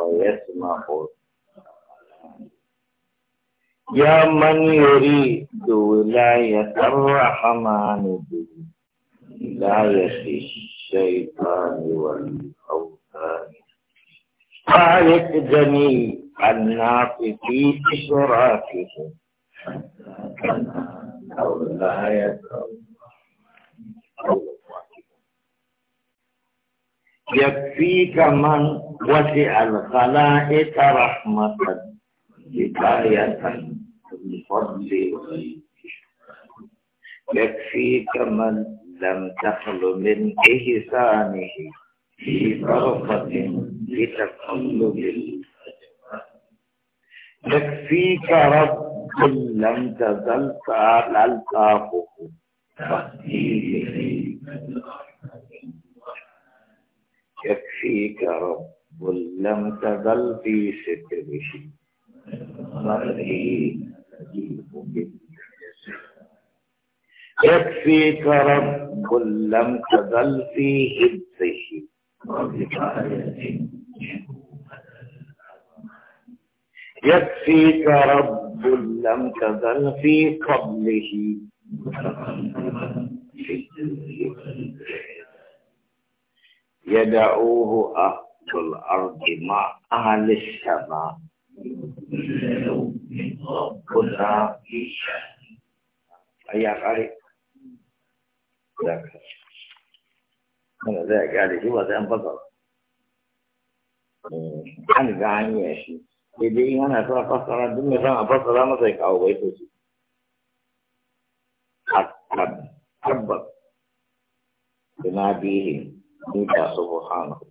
ويسمع يا من يريد ولاية الرحمن ولاية الشيطان والأوثان فارق جميع الناس في إشراكهم ولاية الله yafika man wasi alkhala ita rahmatan hikayatan lifadli yakfika man lam takhlu min ihsanihi fi tarafatin litakhlu bil يكفيك رب لم تزل سأل ألقاه فأتي به يكفيك رب لم تزل في ستره مرئي يكفيك رب لم تزل في حبسه يكفيك رب لم تزل في قبله يدعوه أهل الأرض مع أهل السماء ربنا أيها هذا أنا قاعد يعيش إذا أنا ترى أنا ذاك أو بيتوسي inda subhanahu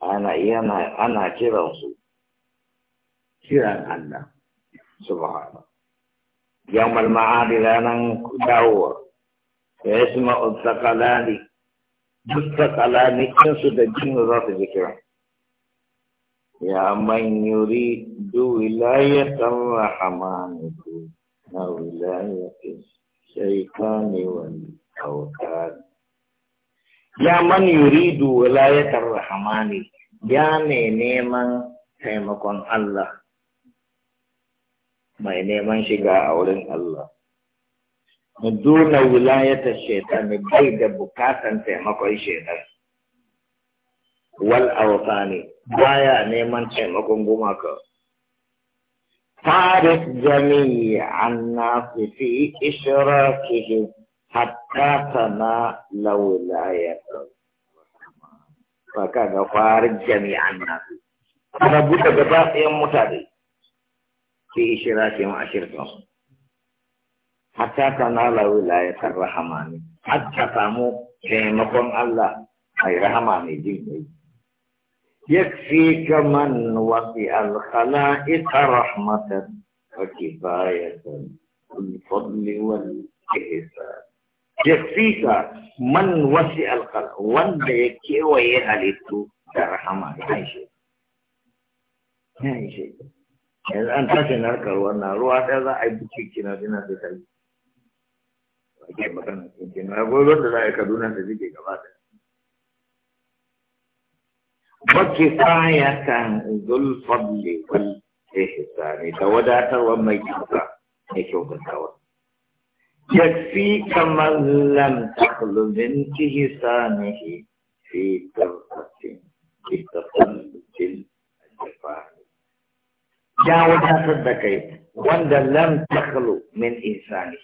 ana yana ana kiran su kiran Allah subhanahu yawmal ma'ad ranan dawowa ya isma uttaqalani mustaqalani kansu da jin za su ji kiran ya man yuri du wilayatar rahmanu na wilayatin shaytani wal awtad ya man yuridu wilayatar rahmani ya mai neman taimakon Allah mai neman shiga a wurin Allah duna wilayata shaitan bai da bukatan taimakon shaitan wal awfani baya neman taimakon gumaka tarif jami'an nafi fi ishrakihim hatta sana laulaya maka ga farin jami'an nasu ana buɗe gaba ɗayan mutane ke ishira ke ma'ashirkan su hatta sana laulaya kan rahama ne hatta samu taimakon Allah mai rahama mai jin kai يكفيك من وفي الخلائق رحمة وكفاية بالفضل والإحسان yakfika man wasi alqal wanda ya kewaye halittu da rahama da ishe ya yanzu an tashi narkar wannan ruwa ɗaya za a yi buki kina dina da kai ake magana kinkin na gobe da za a yi kaduna da suke gaba da baki kaya kan zulfadli wal ihsani da wadatarwa mai kyauta mai kyautatawa Taxi kaman land takalmin nune kisah ne he? sai da wasu masin, da wasu masin ake wanda lam takalmin nune kisah ne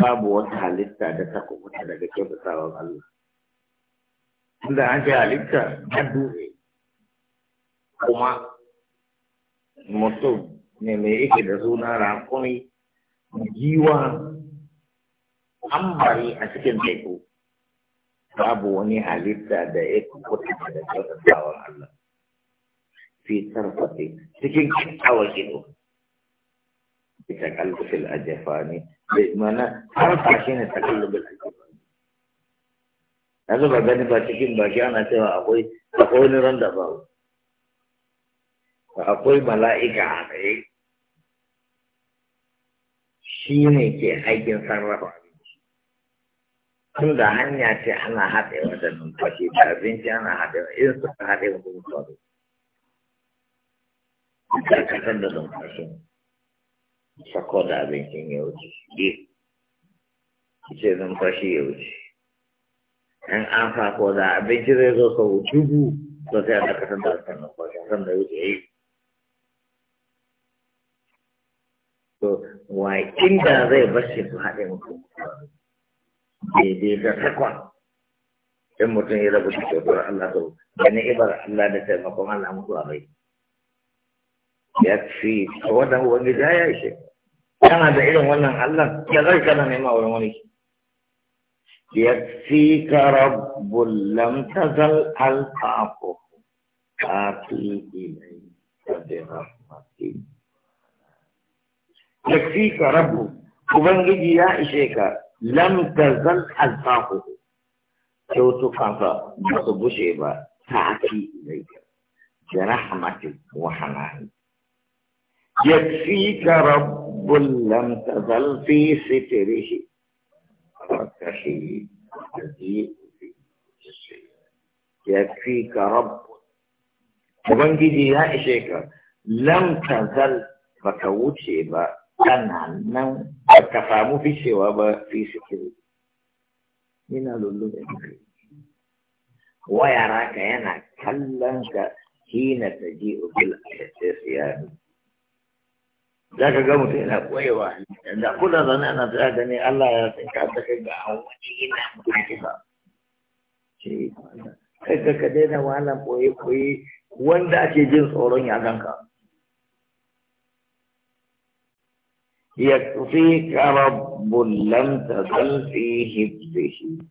Babu wata halitta a gasa ko mata daga kyautata a Allah. Da ake halitta kad'u ne. Kuma motsin ne mai yake da suna ra'akoni. jiwa ambari a cikin teku babu wani halitta da ya kuta da kyautatawan Allah fi tarfati cikin kyautawa gido ita kalbufil ajafani da mana harfa shi ne ta kalbufil ajafani yanzu ba gani ba cikin baki ana cewa akwai akwai wani randa ba akwai mala'ika a tsaye shi ne ke aikin sarrafa abinci tun da hanya ce ana haɗewa da numfashi da abinci ana haɗewa in suka haɗewa da numfashi karkatar da numfashin sako da abincin ya wuce ɗi ce numfashi ya wuce in an sako da abinci zai zo sau dubu to sai a karkatar da numfashi, numfashin sanda wuce ya yi to wakin da zai bashi su haɗe muku daidai da takwa in mutum ya rabu da kyautar Allah to da ni'imar Allah da taimakon Allah mutu a bai ya fi wannan wani da ya ishe kana da irin wannan Allah ya zai kana nema wurin wani ya fi ka lam tazal al ta'afu ka ilai ka rahmatin يكفيك كربه وبنجي يا إشيكا لم تزل أذقه شو تقصى ما تبوش إبا إليك برحمة وحناه يكفيك رب لم تزل في ستره فكحي يكفيك رب وبنجي يا إشيكا لم تزل فكوتش إبا kanan nan ka samu fishewa ba fi sikiri yana da kai wayara ka yana kallon ka hina ta ji ubil asiyani za ka ga mutum yana koyewa da kuna zane ana da ne Allah ya san ka ta kai ga wani ina mutum kisa ce kai ka ka daina wahalar koyi-koyi wanda ake jin tsoron ya ganka يكفيك رب لم تزل في حفظه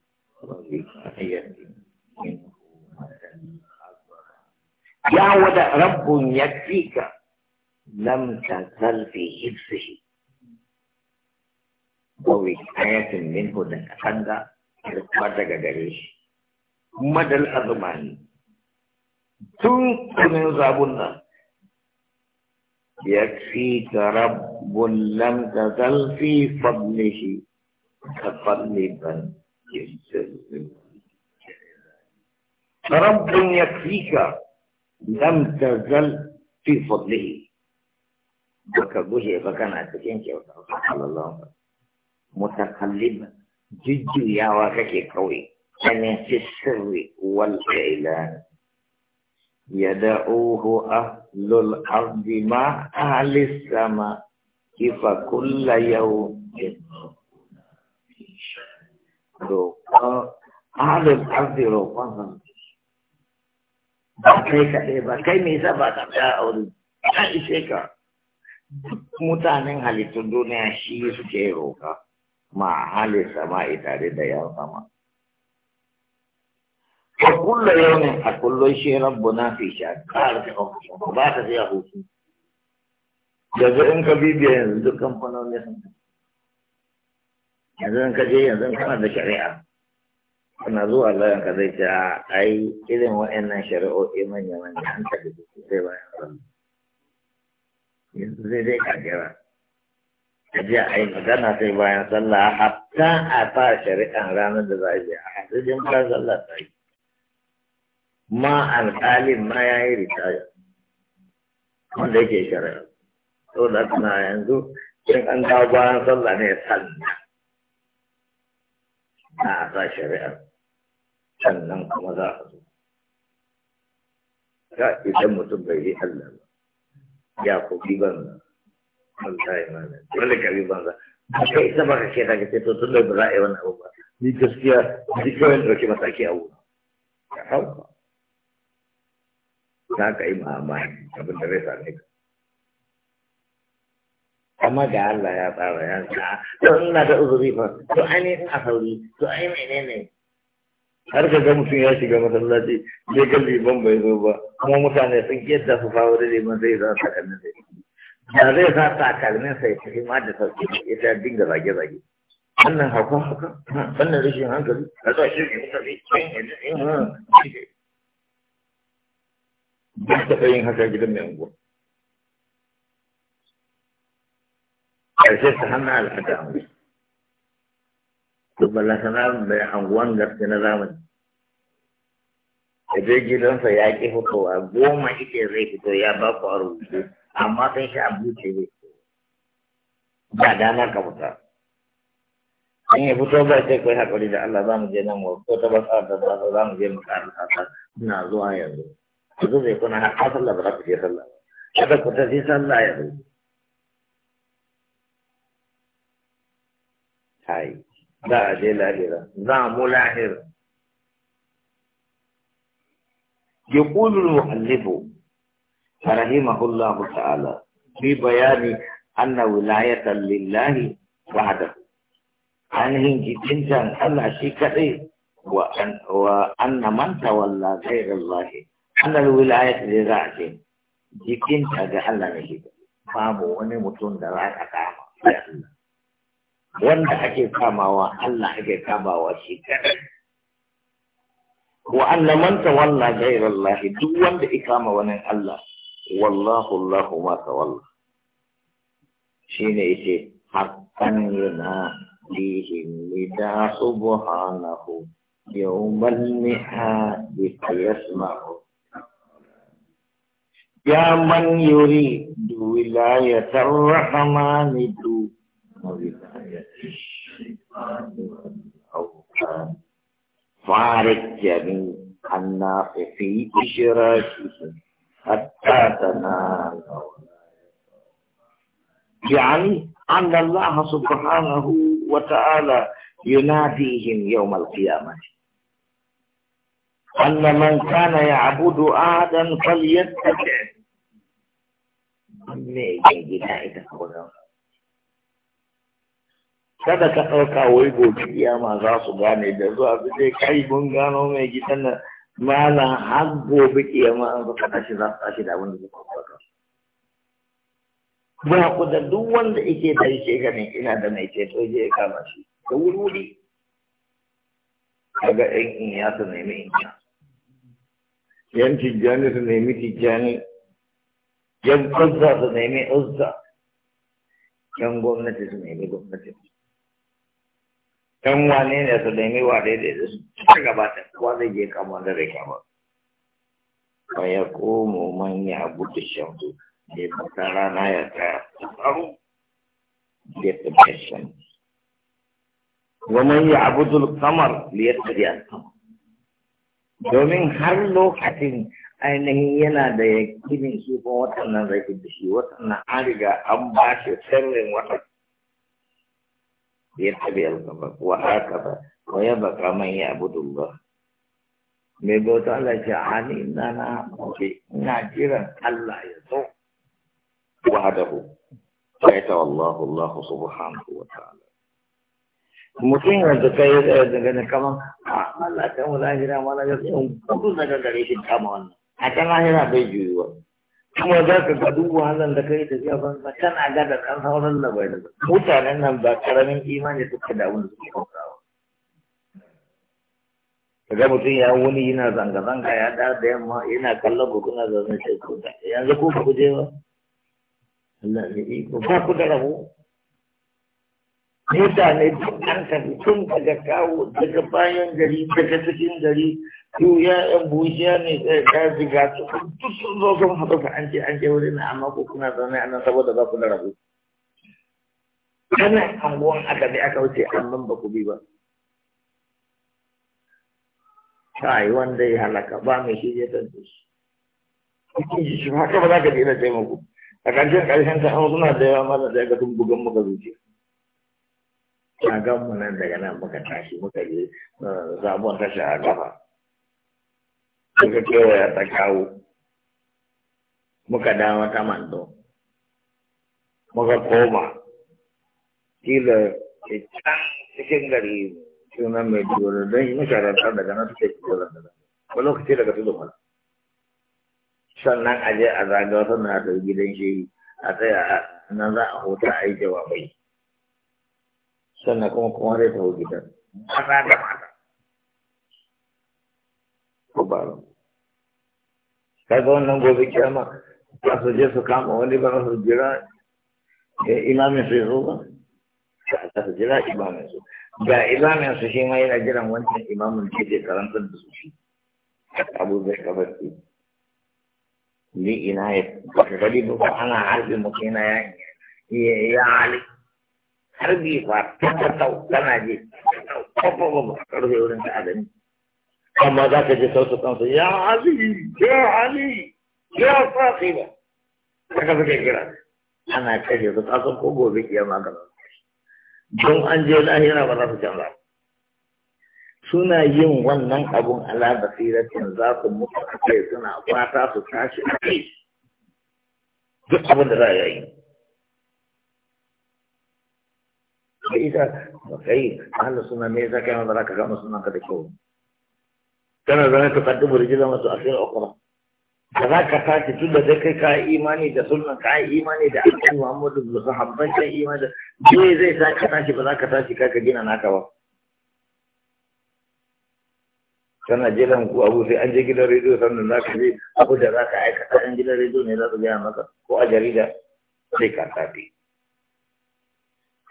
ووقايته منه يا ود رب يكفيك لم تزل في حفظه ووقاية منه لك karfa daga gare shi madal azumani tun kunin zabun nan يكفيك رب لم تزل في فضله تقلبا رب يكفيك لم تزل في فضله وكبوشي فكان أتكين كي قال الله متقلبا جد يا وكك قوي أنا في السر والإعلان يدعوه أهل lul ardi ma ahli sama kifa kulla yawmin roƙon ahalin arzi roƙon san ba kai kaɗai ba kai me yasa ba ka tsaya a wuri ya ishe ka mutanen halittun duniya shi suke roƙa ma ahalin sama tare da yawan sama فكل يوم a شيء ربنا في شأن قال وبعد يا حسين yanzu in ka bibiya yanzu duk kamfanoni sun yanzu in ka je yanzu kana da shari'a kana zuwa Allah ka zai ce ai irin wa'annan shari'o'i manya manya an taɓa da sai bayan sallah yanzu zai dai kagera a je a yi magana sai bayan sallah hatta a fara shari'an ranar da za a a sallah ta yi ma alƙalin ma ya yi ritaya wanda yake shirya. sau da kana yanzu in an dawo bayan sallah ne sannan a sa shari'a sannan kuma za a zo ga idan mutum bai yi Allah ba ya ko bi banza Allah ya mana dole ka bi banza haka ita ba ka ce ta ce to tun da ba za a yi wannan abu ba ni gaskiya ni kawai ɗauki mataki a wuri ka hauka za ka yi mamaki abin da zai same ka amma da Allah ya tsara ya sa to na da uzuri fa to ani ina sauri to ai ne? har ka ga mutum ya shiga masallaci bai ga liban bai zo ba kuma mutane sun yadda su fawo da liban zai za su kalmin sai da zai sa takalmin sai ta ma da sauki ta dinga zage-zage wannan hauka hauka wannan rashin hankali a sa shi ne mutane duk da yin haka gidan mai unguwa ƙarshe ta hannun al'ada mai duk balla sanar da anguwan gaske na zamani da gidansa ya ke hukawa, goma ita zai fito ya ba ku a rubutu, amma sun shi a buce zai ba dama ka fita an yi fito ba sai kai haƙuri da Allah za mu je nan wa ko ta ba sa da za mu je mu ƙarasa ina zuwa yanzu نعم، يقول المؤلف رحمه الله تعالى في بيان ان ولايه لله وحده أن هنج تنسى ان الشيء كثير وان وان من تولى غير الله أن الولاية لرعد يكين تجعل لك فامو وني متون دراك أتعامل في الله وانا حكي كما هو الله حكي كما وشيكا شكا وأن من تولى غير الله دون بإقامة ونن الله والله الله ما تولى شيني إيشي حقا لنا فيه النداء سبحانه يوم المحاد فيسمعه يا من يريد ولاية الرحمن دون ولاية الشيطان فارق جميع الناس في إشراكهم حتى تنال يعني أن الله سبحانه وتعالى يناديهم يوم القيامة أن من كان يعبد آدم فليتبع ne kada ka ɗauka wai gobe kiyama za su gane da zuwa su ce kai mun gano mai gidan na mana har gobe kiyama an suka tashi za su tashi da abin da suka kwata ba ku da duk wanda yake da yake ganin ina da mai ceto je ya kama shi da wuri-wuri kaga ɗan in ya su nemi in ya yan tijjani su nemi tijjani yan uzza su nemi uzza yan gwamnati su nemi gwamnati yan wane ne su nemi wa daidai da su ta gabata kowa zai je kama da rai kama fa ya komo manya abu da shamsu ne mata rana ya tsaya tsaro da shamsu ومن يعبد القمر ليتبع القمر domin har lokacin ainihin yana da yakinin shi ko watan nan zai da shi watan an riga an ba shi sirrin watan ya tabi alkaba wa haka ba wa ya baka man ya abudullah mai bauta Allah ce hali ina na mafi ina jiran Allah ya zo wahadahu fa ya Wallahu, Allah subhanahu wa ta'ala mutum yanzu kai ya daga kama. a ah, Allah ta mu lahira mana ga tsayin kudu daga gare shi kama wannan a can lahira bai ba. kuma za ka ga duk wahalar da kai tafiya ban ba a ga da kan sauran da bai da mutanen nan ba karamin imani suka da wanda suke kawo kaga mutum ya wuni yana zanga-zanga ya da da yamma yana kallon ku kuna zaune sai ku yanzu ko ku je ba Allah ne iko ba ku da rabo mutane duk an tafi tun daga kawo daga bayan gari daga cikin gari yau ya'yan bushiya ne tsaye ka ziga su duk sun zo sun haɗu ka an ce an je wurin amma ko kuna zaune a nan saboda za ku da rabu kana anguwan aka bi aka wuce amma ba ku bi ba kai wanda ya halaka ba mai shi ya tantu shi kuke ji shi haka ba za ka daina taimako a ƙarshen ƙarshen ta an suna da yawa ma da ya ga tun bugan muka zuciya a gan nan daga nan muka tashi muka je eh, sabon tashi a gaba muka kewaya ta kawo muka dawo ta mando muka koma kila can cikin gari suna mai dogoro don yi masharantar daga nan suke dogoron daga ko lokaci daga tudu ba. sannan a je a zagawa sannan a tafi gidan shi a tsaya nan za a huta a yi bai. sannan kuma kuma zai taho gidan maza da mata ko ba kaga wannan gobe za su je su kama wani ba su jira imamin su ya ba za su jira imamin su ga imamin su shi ma yana jiran wancan imamin da ke karantar da su shi abu zai ni ina ya ba ka ba ana harbi mutum yana yayin ya hali harbi ba ta tau tana je kofa ba ba karfe wurin ta adami amma za ka je sautu kansu ya ali ya ali ya fatima ta ka suke kira ana kashe su kasan ko gobe kiyama ga don an je lahira ba za su canza suna yin wannan abun ala firatin za su mutu a kai suna fata su tashi a kai duk abin da za a yi da ita ba kai ahalin suna me yasa kai wanda zaka gano sunan ka da kyau kana zama ka kaddu burjila masu asir ukra da za ka tashi tun da kai ka yi imani da sunan ka yi imani da annabi Muhammadu da sahabban ka imani da me zai sa ka tashi ba za ka tashi ka ka gina naka ba kana jiran ku abu sai an je gidan rediyo sannan za ka je abu da za ka aikata an gidan rediyo ne za su gaya maka ko a jarida sai ka tafi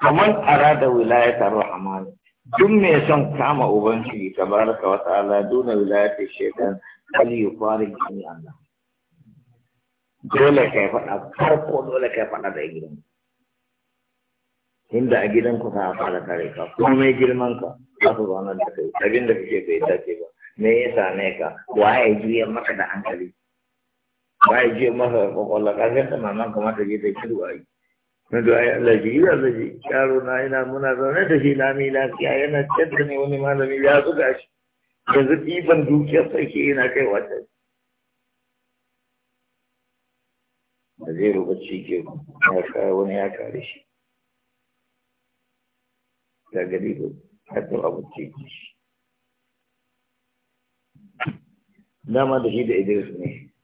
kaman arada wilayatar rahman duk mai son kama ubangiji tabaraka wa ta'ala duna wilayatar shaitan wal yufarik ni Allah dole kai faɗa farko dole kai faɗa da gidan inda a gidan ku ka fara kare ka mai girman ka za su zauna da kai abin da kake bai dace ba me ya same ka waye jiya maka da hankali waye juya maka ko Allah ka sai ta maman kamata je ta shiru a yi na da ayi Allah ji ya zaji yaro na ina muna zaune da shi lami lafiya yana cadda ne wani malami ya zuga shi yanzu ɗiban dukiyar sarki yana kai wata ba zai rubuci ke ya kawo wani ya kare shi ta gari ba hatta abuci shi dama da shi da Idris ne